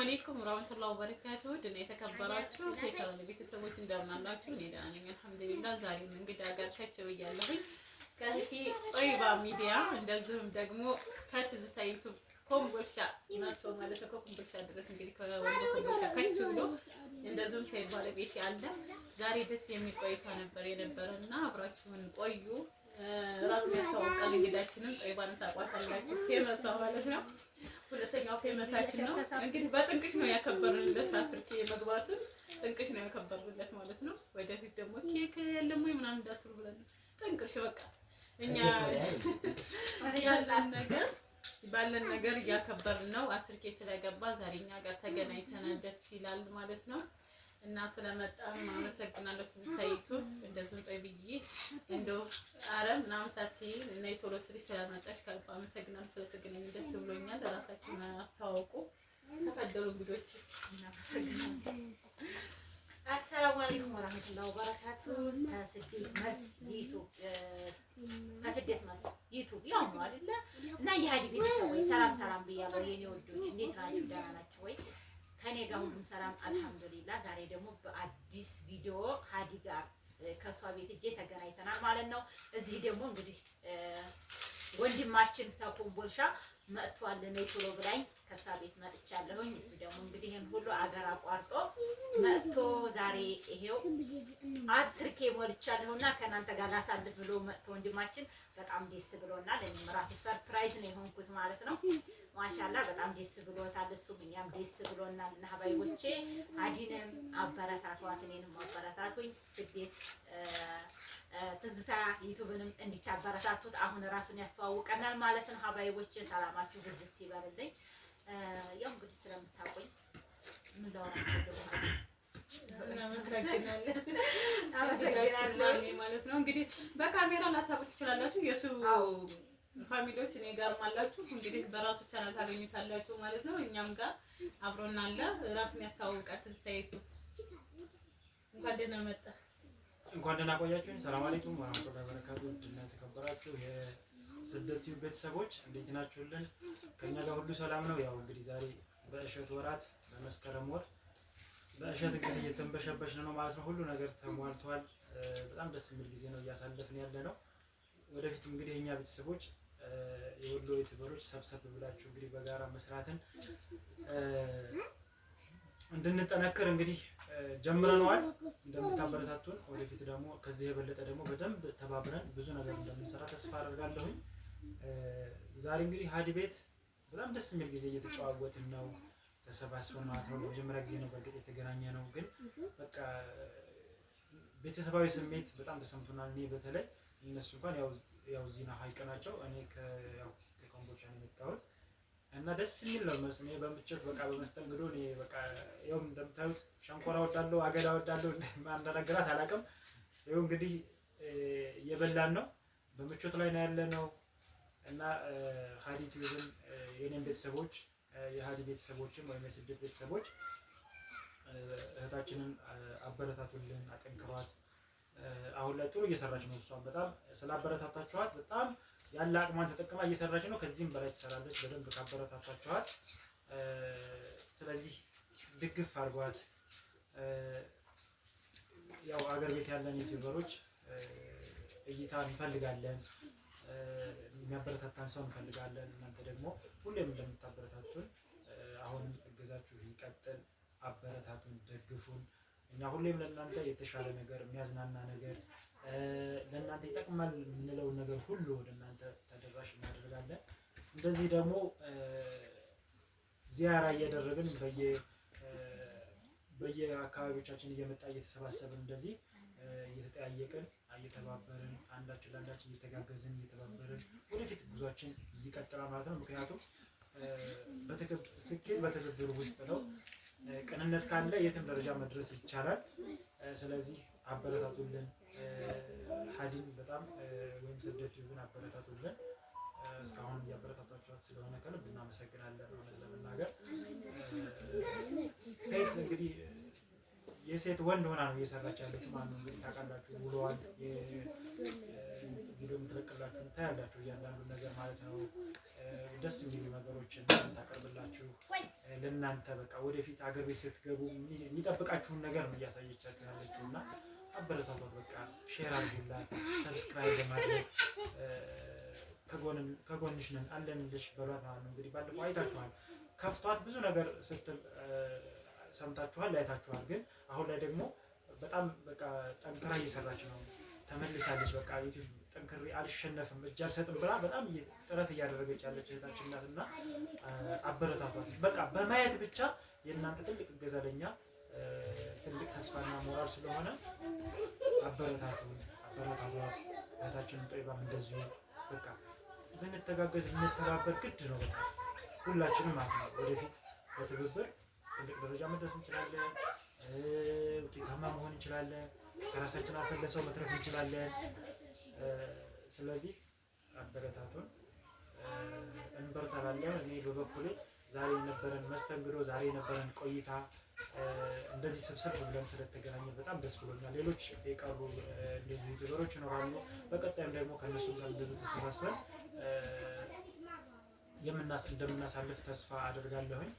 አለይኩም ወራህመቱላሂ ወበረካቱ ድና የተከበራችሁ የቻናል ቤተሰቦች እንደምናላችሁ፣ እኔ ደህና ነኝ አልሐምዱሊላህ። ዛሬም እንግዲህ አገር ከቸው እያለሁኝ ከዚህ ጦይባ ሚዲያ እንደዚሁም ደግሞ ከትዝታ ዩቱብ ኮምቦልሻ ናቸው ማለት ነው። ኮምቦልሻ ድረስ እንግዲህ ከወንዶ ከች ብሎ እንደዚሁም ሰይድ ባለቤት ያለ ዛሬ ደስ የሚል ቆይታ ነበር የነበረና አብራችሁን ቆዩ። ራሱ ያስተዋወቃል እንግዳችንም ጦይባንም ታቋታላችሁ ፌመሷ ማለት ነው ሁለተኛው ፌመሳችን ነው እንግዲህ በጥንቅሽ ነው ያከበርንለት። አስር ኬ መግባቱን ጥንቅሽ ነው ያከበርንለት ማለት ነው። ወደፊት ደግሞ ኬክ የለም ወይ ምናምን እንዳትሉ ብለን ጥንቅሽ በቃ እኛ ያለን ነገር ባለን ነገር እያከበርን ነው። አስር ኬ ስለገባ ዛሬ እኛ ጋር ተገናኝተናል። ደስ ይላል ማለት ነው። እና ስለመጣ አመሰግናለሁ። ትዝታይቱ እንደዚሁም ቆይ ብዬ እንደው አረ ምናምን ሳትይ እና የቶሎ ስሪ ስለመጣሽ ካልኩ አመሰግናለሁ። ስለተገናኘ ደስ ብሎኛል። ራሳችሁን አስተዋውቁ ተፈደሩ እንግዶች። አሰላሙ አለይኩም ወራህመቱላሂ ወበረካቱ። መስ ዩቱብ ያው አይደለ? እና የሀዲ ሰላም ሰላም ብያለሁ የኔ ወዶች፣ እንዴት ናችሁ? ደህና ናችሁ ወይ? ከኔ ጋር ሁሉም ሰላም አልሐምዱሊላ። ዛሬ ደግሞ በአዲስ ቪዲዮ ሀዲ ጋር ከእሷ ቤት እጄ ተገናኝተናል ማለት ነው። እዚህ ደግሞ እንግዲህ ወንድማችን ተኮምቦልሻ መጥቷል። ነይ ቶሎ ብላኝ ከእሷ ቤት መጥቻለሁኝ። እሱ ደግሞ እንግዲህ ይህን ሁሉ አገር አቋርጦ መጥቶ ዛሬ ይሄው አስር ኬ ሞልቻለሁና ከእናንተ ጋር ላሳልፍ ብሎ መጥቶ ወንድማችን በጣም ደስ ብሎናል። እኔም ራሱ ሰርፕራይዝ ነው የሆንኩት ማለት ነው። ማሻላ በጣም ደስ ብሎታል። እሱም እኛም ደስ ብሎናል። እና ሀባይቦቼ አዲንም አበረታቷት፣ እኔንም አበረታቱኝ። ስደት ትዝታ ዩቱብንም እንዲታበረታቱት አሁን ራሱን ያስተዋውቀናል ማለት ነው። ሀባይቦቼ ሰላማችሁ ብዝት ይበልልኝ። ያው እንግዲህ ስለምታቆኝ ምን ላወራ አመሰግናለሁ ማለት ነው። እንግዲህ በካሜራ ላታውቁት ትችላላችሁ። የእሱ ፋሚሊዎች እኔ ጋርም አላችሁ። እንግዲህ በራሱ ቻናል ታገኙታላችሁ ማለት ነው። እኛም ጋር አብሮና አለ ራሱን ያስተዋውቃል። ትንሳኤቱ እንኳን ደህና መጣ። እንኳን ደህና ቆያችሁ። ሰላም አለይኩም ወራህመቱላሂ ወበረካቱ። ድና ተከበራችሁ ስደት ቤተሰቦች እንዴት ናችሁልን? ከኛ ጋር ሁሉ ሰላም ነው። ያው እንግዲህ ዛሬ በእሸት ወራት በመስከረም ወር በእሸት እንግዲህ እየተንበሸበሽን ነው ማለት ነው። ሁሉ ነገር ተሟልቷል። በጣም ደስ የሚል ጊዜ ነው እያሳለፍን ያለ ነው። ወደፊት እንግዲህ የኛ ቤተሰቦች የወሎ ዩቲዩበሮች ሰብሰብ ብላችሁ እንግዲህ በጋራ መስራትን እንድንጠነክር እንግዲህ ጀምረነዋል። እንደምታበረታቱን ወደፊት ደግሞ ከዚህ የበለጠ ደግሞ በደንብ ተባብረን ብዙ ነገር እንደምንሰራ ተስፋ አደርጋለሁኝ። ዛሬ እንግዲህ ሀዲ ቤት በጣም ደስ የሚል ጊዜ እየተጨዋወትን ነው ተሰባስበን ማለት ነው። ለመጀመሪያ ጊዜ ነው በእርግጥ የተገናኘ ነው፣ ግን በቃ ቤተሰባዊ ስሜት በጣም ተሰምቶናል። እኔ በተለይ እነሱ እንኳን ያው ዚና ሀይቅ ናቸው፣ እኔ ከኮምቦቻ ነው የመጣሁት እና ደስ የሚል ነው መስ እኔ በምቾት በቃ በመስተንግዶ እኔ በቃ እንደምታዩት ሸንኮራ ወዳለሁ፣ አገዳ ወዳለሁ እንዳነገራት አላውቅም። ይኸው እንግዲህ እየበላን ነው፣ በምቾት ላይ ነው ያለ ነው እና ሀዲ ቲዩብን የኔን ቤተሰቦች የሀዲ ቤተሰቦችም ወይም የስደት ቤተሰቦች እህታችንን አበረታቱልን፣ አጠንክሯት። አሁን ላይ ጥሩ እየሰራች ነው። እሷን በጣም ስላበረታታችኋት በጣም ያለ አቅሟን ተጠቅማ እየሰራች ነው። ከዚህም በላይ ትሰራለች በደንብ ካበረታታችኋት። ስለዚህ ድግፍ አድርጓት። ያው አገር ቤት ያለን ዩቲዩበሮች እይታ እንፈልጋለን። የሚያበረታታን ሰው እንፈልጋለን። እናንተ ደግሞ ሁሌም እንደምታበረታቱን አሁንም እገዛችሁ ይቀጥል። አበረታቱን፣ ደግፉን። እኛ ሁሌም ለእናንተ የተሻለ ነገር፣ የሚያዝናና ነገር፣ ለእናንተ ይጠቅማል የምንለውን ነገር ሁሉ ወደ እናንተ ተደራሽ እናደርጋለን። እንደዚህ ደግሞ ዚያራ እያደረግን በየ በየአካባቢዎቻችን እየመጣ እየተሰባሰብን እንደዚህ እየተጠያየቅን እየተባበርን አንዳችን ለአንዳችን እየተጋገዝን እየተባበርን ወደፊት ጉዟችን ይቀጥላል ማለት ነው። ምክንያቱም ስኬት በትብብር ውስጥ ነው። ቅንነት ካለ የትም ደረጃ መድረስ ይቻላል። ስለዚህ አበረታቱልን። ሀዲን በጣም ወይም ስደት ይሁን አበረታቱልን። እስካሁን እያበረታታችኋት ስለሆነ ከልብ እናመሰግናለን። ሆነ ለመናገር ሴት እንግዲህ የሴት ወንድ ሆና ነው እየሰራች ያለች። ማን ነው። እንግዲህ ታውቃላችሁ ውሏል ቪዲዮ የምትለቅላችሁ ታያላችሁ እያንዳንዱ ነገር ማለት ነው። ደስ የሚሉ ነገሮችን ታቀርብላችሁ ለእናንተ በቃ ወደፊት አገር ቤት ስትገቡ የሚጠብቃችሁን ነገር ነው እያሳየቻችሁ ያለችው እና አበረታቷት። በቃ ሼር አድርጉላት፣ ሰብስክራይብ በማድረግ ከጎንሽ ነን አለንልሽ በሏት ማለት ነው። እንግዲህ ባለፈው አይታችኋል ከፍቷት ብዙ ነገር ስትል ሰምታችኋል፣ ላይታችኋል። ግን አሁን ላይ ደግሞ በጣም በቃ ጠንክራ እየሰራች ነው። ተመልሳለች። በቃ ዩቲዩብ ጠንክሬ አልሸነፍም እጅ አልሰጥም ብላ በጣም ጥረት እያደረገች ያለች እህታችን ናት እና አበረታቷት። በቃ በማየት ብቻ የእናንተ ትልቅ እገዛ ለኛ ትልቅ ተስፋና ሞራል ስለሆነ አበረታቱ፣ አበረታቷት። እህታችንን ጠይባም እንደዚሁ በቃ ልንተጋገዝ ልንተባበር ግድ ነው። በቃ ሁላችንም ማለት ነው ወደፊት በትብብር ትልቅ ደረጃ መድረስ እንችላለን። ውጤታማ መሆን እንችላለን። ከራሳችን አልፈን ለሰው መትረፍ እንችላለን። ስለዚህ አበረታቱን፣ እንበርታላለን። እኔ በበኩሌ ዛሬ የነበረን መስተንግዶ፣ ዛሬ የነበረን ቆይታ እንደዚህ ሰብሰብ ብለን ስለተገናኘ በጣም ደስ ብሎኛል። ሌሎች የቀሩ እንደዚህ ዩቱበሮች ይኖራሉ። በቀጣይም ደግሞ ከእነሱ ጋር እንደዚ ተሰባስበን እንደምናሳልፍ ተስፋ አድርጋለሁኝ።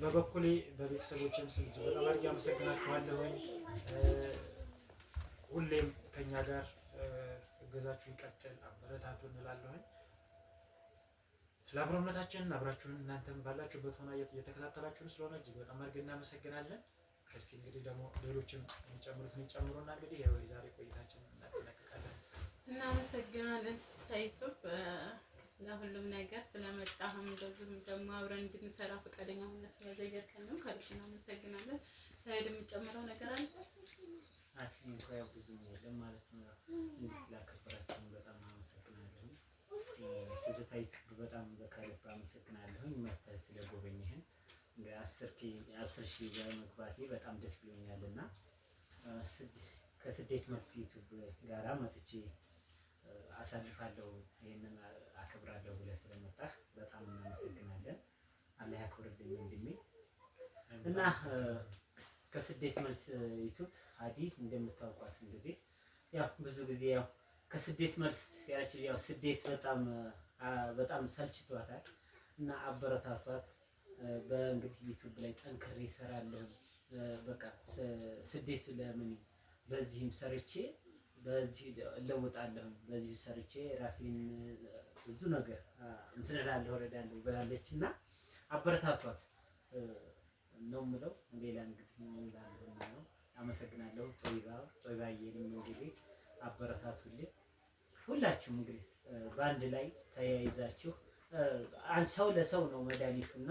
በበኩሌ በቤተሰቦችም ስም በጣም አድርጌ አመሰግናችኋለሁኝ። ሁሌም ከኛ ጋር እገዛችሁ ይቀጥል፣ አበረታቱ እንላለሁኝ። ለአብሮነታችን አብራችሁን እናንተም ባላችሁበት ሆና እየተከታተላችሁን ስለሆነ እጅግ በጣም አድርገን እናመሰግናለን። እስኪ እንግዲህ ደግሞ ሌሎችም የሚጨምሩትን ይጨምሩና እንግዲህ ይኸው የዛሬ ቆይታችን እናጠናቀቃለን። እናመሰግናለን ታይቱ ለሁሉም ነገር ስለመጣህም እንደዚሁም ደግሞ አብረን እንድንሰራ ፈቃደኛ ሆነ ስለዘገርከን ነው። ከልብ እናመሰግናለን። ሳይድ የምጨምረው ነገር አለ? አትም እንኳን የለም ማለት ነው። ስላከበራችሁን በጣም አመሰግናለሁ። በጣም በከልብ አመሰግናለሁ። አስር ሺህ በመግባቴ በጣም ደስ ብሎኛል እና ከስደት መልስ ጋራ መጥቼ አሳልፋለሁ ይህንን አክብራለሁ ብለህ ስለመጣህ በጣም እናመሰግናለን። አላህ ያክብርልኝ ወንድሜ እና ከስደት መልስ ዩቱብ አዲ እንደምታውቋት እንግዲህ ያው ብዙ ጊዜ ያው ከስደት መልስ ያች ያው ስደት በጣም በጣም ሰልችቷታል እና አበረታቷት። በእንግዲህ ዩቱብ ላይ ጠንክሬ እሰራለሁ። በቃ ስደት ለምን በዚህም ሰርቼ በዚህ እለወጣለሁ፣ በዚህ ሰርቼ ራሴን ብዙ ነገር እንትን እላለሁ እረዳለሁ ብላለች እና አበረታቷት ነው የምለው። ሌላ እንግዲህ ምን እላለሁ ነው። አመሰግናለሁ። ጦይባ ጦይባዬ እንግዲህ አበረታቱልኝ። ሁላችሁም እንግዲህ በአንድ ላይ ተያይዛችሁ ሰው ለሰው ነው መድኃኒቱና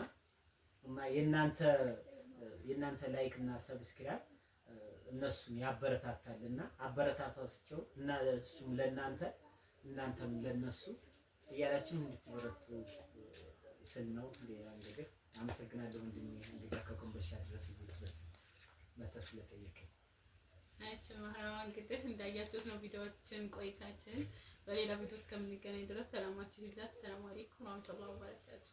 እና የእናንተ የእናንተ ላይክ እና ሰብስክራይብ እነሱን ያበረታታል እና አበረታታቸው እና እሱም ለእናንተ እናንተም ለእነሱ እያላችሁ እንድትበረቱ ስል ነው። ሌላ ነገር አመሰግናለሁ። እንድን እንግዲህ ከኮምቦልቻ ድረስ እዚህ ድረስ መተህ ስለጠየቀኝ አያችን ማህራማ እንግዲህ እንዳያችሁት ነው ቪዲዮችን ቆይታችን። በሌላ ቪዲዮ እስከምንገናኝ ድረስ ሰላማችሁ ይብዛ። ሰላም አለይኩም ወራህመቱላሂ ወበረካቱ